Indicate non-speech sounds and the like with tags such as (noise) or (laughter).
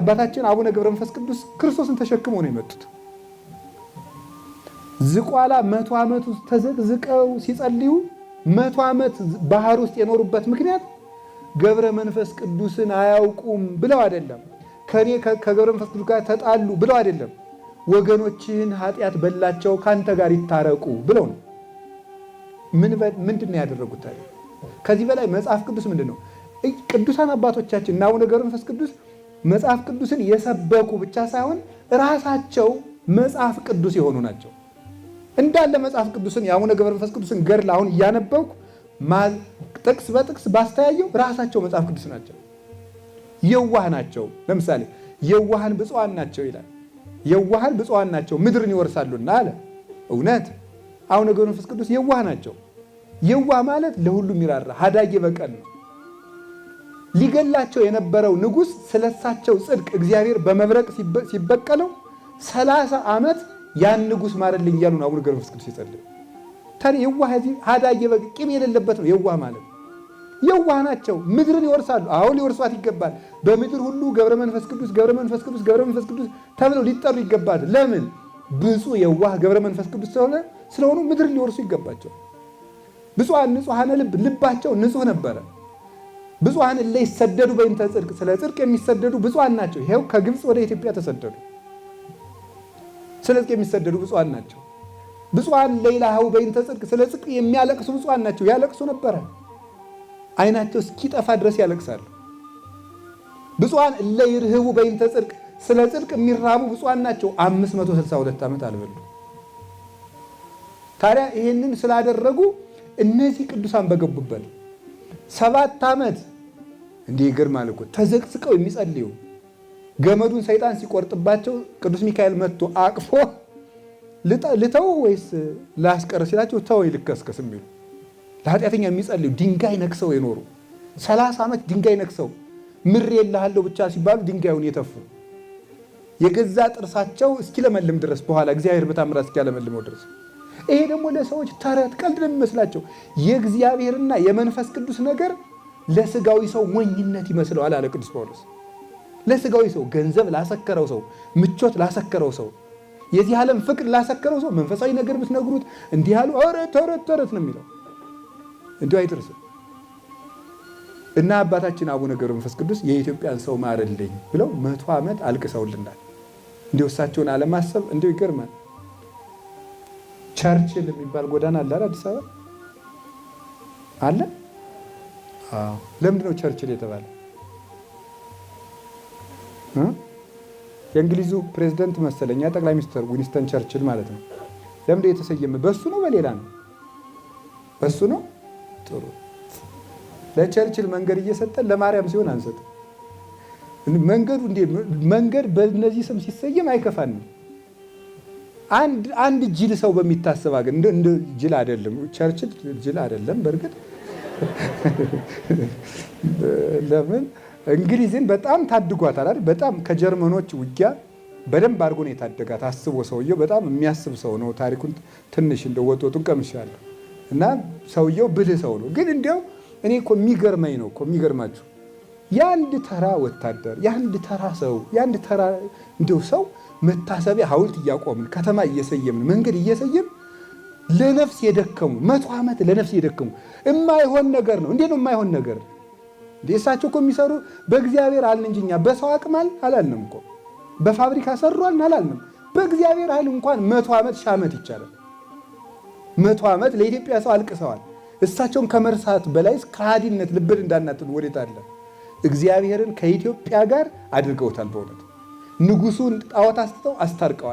አባታችን አቡነ ገብረ መንፈስ ቅዱስ ክርስቶስን ተሸክመው ነው የመጡት። ዝቋላ መቶ ዓመት ውስጥ ተዘቅዝቀው ሲጸልዩ መቶ ዓመት ባህር ውስጥ የኖሩበት ምክንያት ገብረ መንፈስ ቅዱስን አያውቁም ብለው አይደለም። ከኔ ከገብረ መንፈስ ቅዱስ ጋር ተጣሉ ብለው አይደለም። ወገኖችህን ኃጢአት በላቸው ከአንተ ጋር ይታረቁ ብለው ነው። ምንድን ነው ያደረጉት? ከዚህ በላይ መጽሐፍ ቅዱስ ምንድን ነው? ቅዱሳን አባቶቻችን እና አቡነ ገብረ መንፈስ ቅዱስ መጽሐፍ ቅዱስን የሰበኩ ብቻ ሳይሆን ራሳቸው መጽሐፍ ቅዱስ የሆኑ ናቸው። እንዳለ መጽሐፍ ቅዱስን የአቡነ ገብረ መንፈስ ቅዱስን ገድል አሁን እያነበብኩ ጥቅስ በጥቅስ ባስተያየው ራሳቸው መጽሐፍ ቅዱስ ናቸው። የዋህ ናቸው። ለምሳሌ የዋሃን ብፁዓን ናቸው ይላል። የዋህን ብፁዓን ናቸው ምድርን ይወርሳሉና አለ። እውነት አቡነ ገብረ መንፈስ ቅዱስ የዋህ ናቸው። የዋህ ማለት ለሁሉም ይራራ ሀዳጌ በቀል ነው። ሊገላቸው የነበረው ንጉሥ ስለሳቸው ጽድቅ እግዚአብሔር በመብረቅ ሲበቀለው ሰላሳ ዓመት ያን ንጉሥ ማረልኝ እያሉ ነው አቡነ ገብረ ቅዱስ ይጸልይ ታዲያ የዋህ ሀዳ እየበቅ ቂም የሌለበት ነው የዋህ ማለት የዋህ ናቸው ምድርን ይወርሳሉ አሁን ሊወርሷት ይገባል በምድር ሁሉ ገብረ መንፈስ ቅዱስ ገብረ መንፈስ ቅዱስ ገብረ መንፈስ ቅዱስ ተብለው ሊጠሩ ይገባል ለምን ብፁዕ የዋህ ገብረ መንፈስ ቅዱስ ስለሆነ ስለሆኑ ምድርን ሊወርሱ ይገባቸው ብፁዓን ንጹሐነ ልብ ልባቸው ንጹህ ነበረ ብዙሃን እለ ይሰደዱ በእንተ ጽድቅ፣ ስለ ጽድቅ የሚሰደዱ ብዙሃን ናቸው። ይሄው ከግብፅ ወደ ኢትዮጵያ ተሰደዱ። ስለ ጽድቅ የሚሰደዱ ብዙሃን ናቸው። ብዙሃን ለይላሃው በእንተ ጽድቅ፣ ስለ ጽድቅ የሚያለቅሱ ብዙሃን ናቸው። ያለቅሱ ነበረ፣ አይናቸው እስኪጠፋ ድረስ ያለቅሳሉ። ብዙሃን እለ ይርህቡ በእንተ ጽድቅ፣ ስለ ጽድቅ የሚራቡ ብዙሃን ናቸው። 562 ዓመት አልበሉ። ታዲያ ይህንን ስላደረጉ እነዚህ ቅዱሳን በገቡበት ሰባት ዓመት እንዲህ ይገርማል እኮ ተዘቅዝቀው የሚጸልዩ ገመዱን ሰይጣን ሲቆርጥባቸው ቅዱስ ሚካኤል መጥቶ አቅፎ ልተው ወይስ ላስቀር ሲላቸው ተው ይልከስከስ የሚሉ ለኃጢአተኛ የሚጸልዩ ድንጋይ ነክሰው የኖሩ ሰላሳ ዓመት ድንጋይ ነክሰው ምር እልሃለሁ ብቻ ሲባሉ ድንጋዩን የተፉ የገዛ ጥርሳቸው እስኪለመልም ድረስ በኋላ እግዚአብሔር በታምራት እስኪያለመልመው ድረስ ይሄ ደግሞ ለሰዎች ተረት ቀልድ ነው የሚመስላቸው። የእግዚአብሔርና የመንፈስ ቅዱስ ነገር ለስጋዊ ሰው ሞኝነት ይመስለዋል አለ ቅዱስ ጳውሎስ። ለስጋዊ ሰው ገንዘብ ላሰከረው ሰው፣ ምቾት ላሰከረው ሰው፣ የዚህ ዓለም ፍቅር ላሰከረው ሰው መንፈሳዊ ነገር ብትነግሩት እንዲህ ያሉ ረት ረት ረት ነው የሚለው እንዲሁ አይደርስም። እና አባታችን አቡነ ገብረ መንፈስ ቅዱስ የኢትዮጵያን ሰው ማርልኝ ብለው መቶ ዓመት አልቅሰውልናል። እንዲሁ እሳቸውን አለማሰብ እንዲሁ ይገርማል። ቸርችል የሚባል ጎዳና አለ አዲስ አበባ አለ ለምንድን ነው ቸርችል የተባለ? የእንግሊዙ ፕሬዚደንት መሰለኛ ጠቅላይ ሚኒስትር ዊንስተን ቸርችል ማለት ነው። ለምንድን የተሰየመ? በሱ ነው በሌላ ነው? በሱ ነው። ጥሩ ለቸርችል መንገድ እየሰጠን ለማርያም ሲሆን አንሰጥ። መንገዱ እንዴ መንገድ በእነዚህ ስም ሲሰየም አይከፋንም። አንድ አንድ ጅል ሰው በሚታሰብ አገር እንደ ጅል አይደለም ቸርችል ጅል አይደለም በእርግጥ (laughs) ለምን እንግሊዝን በጣም ታድጓት አላል። በጣም ከጀርመኖች ውጊያ በደንብ አድርጎ ነው የታደጋት። አስቦ ሰውየው በጣም የሚያስብ ሰው ነው። ታሪኩን ትንሽ እንደ ወጦቱን ቀምሻለሁ እና ሰውየው ብልህ ሰው ነው። ግን እንዲያው እኔ እኮ የሚገርመኝ ነው እኮ የሚገርማችሁ የአንድ ተራ ወታደር የአንድ ተራ ሰው የአንድ ተራ እንዲያው ሰው መታሰቢያ ሐውልት እያቆምን ከተማ እየሰየምን መንገድ እየሰየም ለነፍስ የደከሙ መቶ ዓመት ለነፍስ የደከሙ የማይሆን ነገር ነው። እንዴት ነው የማይሆን ነገር? እሳቸው እኮ የሚሰሩ በእግዚአብሔር አልን እንጂ እኛ በሰው አቅማል አላልንም እኮ በፋብሪካ ሰሯል አላልንም። በእግዚአብሔር ኃይል እንኳን መቶ ዓመት ሺህ ዓመት ይቻላል። መቶ ዓመት ለኢትዮጵያ ሰው አልቅሰዋል። እሳቸውን ከመርሳት በላይ ከሃዲነት ልብን እንዳናጥን ወዴት አለ። እግዚአብሔርን ከኢትዮጵያ ጋር አድርገውታል። በእውነት ንጉሱን ጣዖት አስተው አስታርቀዋል።